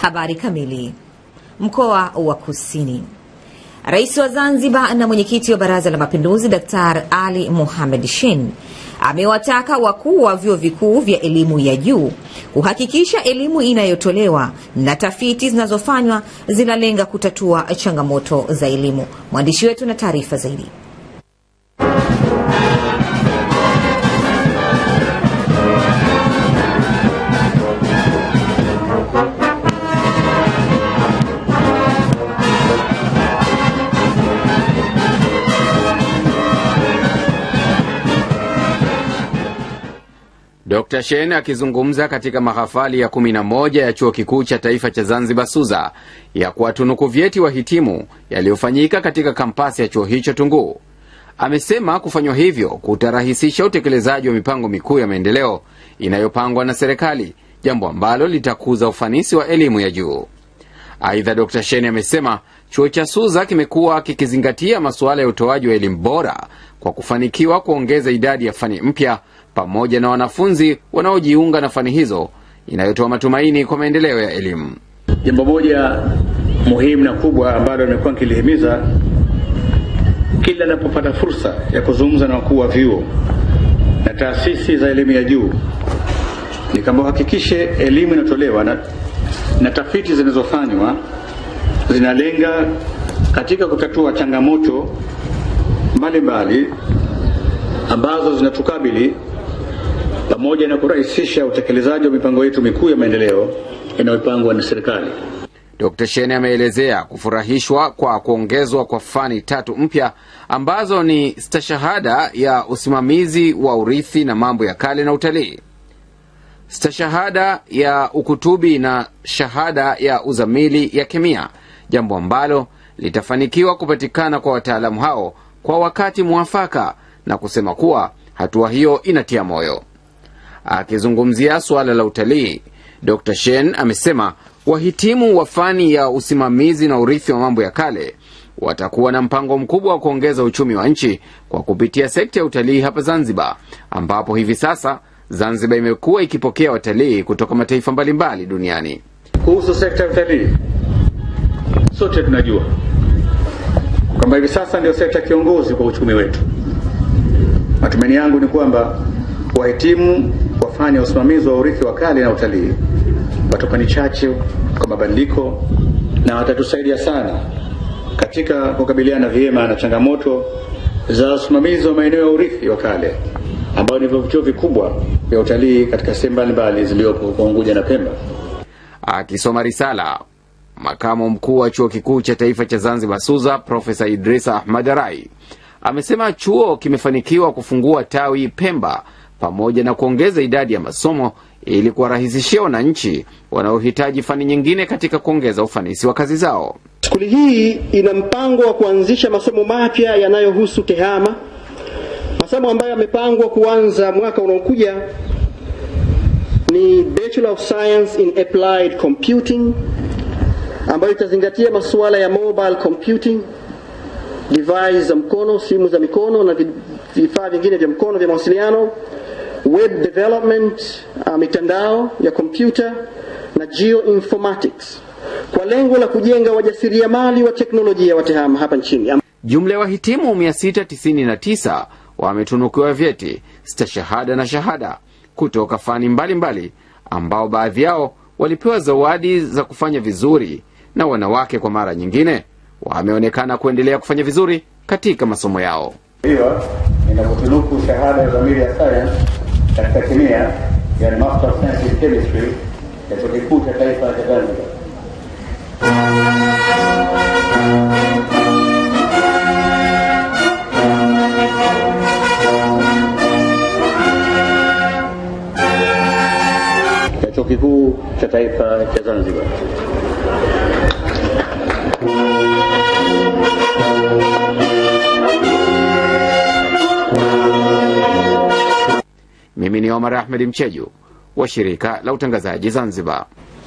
Habari kamili. Mkoa wa Kusini. Rais wa Zanzibar na mwenyekiti wa Baraza la Mapinduzi Dr. Ali Mohamed Shein amewataka wakuu wa vyuo vikuu vya elimu ya juu kuhakikisha elimu inayotolewa na tafiti zinazofanywa zinalenga kutatua changamoto za elimu. Mwandishi wetu na taarifa zaidi. Dr. shen akizungumza katika mahafali ya 11 ya Chuo Kikuu cha Taifa cha Zanzibar Suza ya kuwatunuku vyeti wahitimu yaliyofanyika katika kampasi ya chuo hicho Tunguu, amesema kufanywa hivyo kutarahisisha utekelezaji wa mipango mikuu ya maendeleo inayopangwa na serikali, jambo ambalo litakuza ufanisi wa elimu ya juu. Aidha, Dr. shen amesema chuo cha Suza kimekuwa kikizingatia masuala ya utoaji wa elimu bora kwa kufanikiwa kuongeza idadi ya fani mpya pamoja na wanafunzi wanaojiunga na fani hizo inayotoa matumaini kwa maendeleo ya elimu. Jambo moja muhimu na kubwa ambalo nimekuwa nikilihimiza kila anapopata fursa ya kuzungumza na wakuu wa vyuo na taasisi za elimu ya juu nikamba uhakikishe elimu inayotolewa na, na tafiti zinazofanywa zinalenga katika kutatua changamoto mbalimbali ambazo zinatukabili pamoja na kurahisisha utekelezaji wa mipango yetu mikuu ya maendeleo inayopangwa na serikali. Dkt. Shene ameelezea kufurahishwa kwa kuongezwa kwa fani tatu mpya ambazo ni stashahada ya usimamizi wa urithi na mambo ya kale na utalii, stashahada ya ukutubi na shahada ya uzamili ya kemia, jambo ambalo litafanikiwa kupatikana kwa wataalamu hao kwa wakati mwafaka, na kusema kuwa hatua hiyo inatia moyo. Akizungumzia suala la utalii, Dr. shen amesema wahitimu wa fani ya usimamizi na urithi wa mambo ya kale watakuwa na mpango mkubwa wa kuongeza uchumi wa nchi kwa kupitia sekta ya utalii hapa Zanzibar, ambapo hivi sasa Zanzibar imekuwa ikipokea watalii kutoka mataifa mbalimbali duniani. Kuhusu sekta ya utalii, sote tunajua kwamba hivi sasa ndio sekta kiongozi kwa uchumi wetu. Matumaini yangu ni kwamba wahitimu wafanya usimamizi wa urithi wa kale na utalii. ni chache kwa mabadiliko na watatusaidia sana katika kukabiliana vyema na changamoto za usimamizi wa maeneo ya urithi wa kale ambayo ni vivutio vikubwa vya utalii katika sehemu mbalimbali ziliyopo kwa Unguja na Pemba. Akisoma risala makamu mkuu wa chuo kikuu cha taifa cha Zanzibar SUZA Profesa Idrisa Ahmad Arai amesema chuo kimefanikiwa kufungua tawi Pemba pamoja na kuongeza idadi ya masomo ili kuwarahisishia wananchi wanaohitaji fani nyingine katika kuongeza ufanisi wa kazi zao. Skuli hii ina mpango wa kuanzisha masomo mapya yanayohusu tehama, masomo ambayo yamepangwa kuanza mwaka unaokuja ni Bachelor of Science in Applied Computing ambayo itazingatia masuala ya mobile computing, device za mkono, simu za mikono na vifaa vingine vya mkono vya mawasiliano web development, uh, mitandao ya kompyuta na geoinformatics kwa lengo la kujenga wajasiriamali wa teknolojia wa TEHAMA hapa nchini. Jumla ya wahitimu 699 wametunukiwa vyeti, stashahada na shahada kutoka fani mbalimbali mbali, ambao baadhi yao walipewa zawadi za kufanya vizuri, na wanawake kwa mara nyingine wameonekana kuendelea kufanya vizuri katika masomo yao. Hiyo inakutunuku shahada ya dhamiri ya التكمية your of science in chemistry et så rikuta taifa ya Zanzibar. ya chuo kikuu cha taifa cha Zanzibar. Mimi ni Omar Ahmed Mcheju wa Shirika la Utangazaji Zanzibar.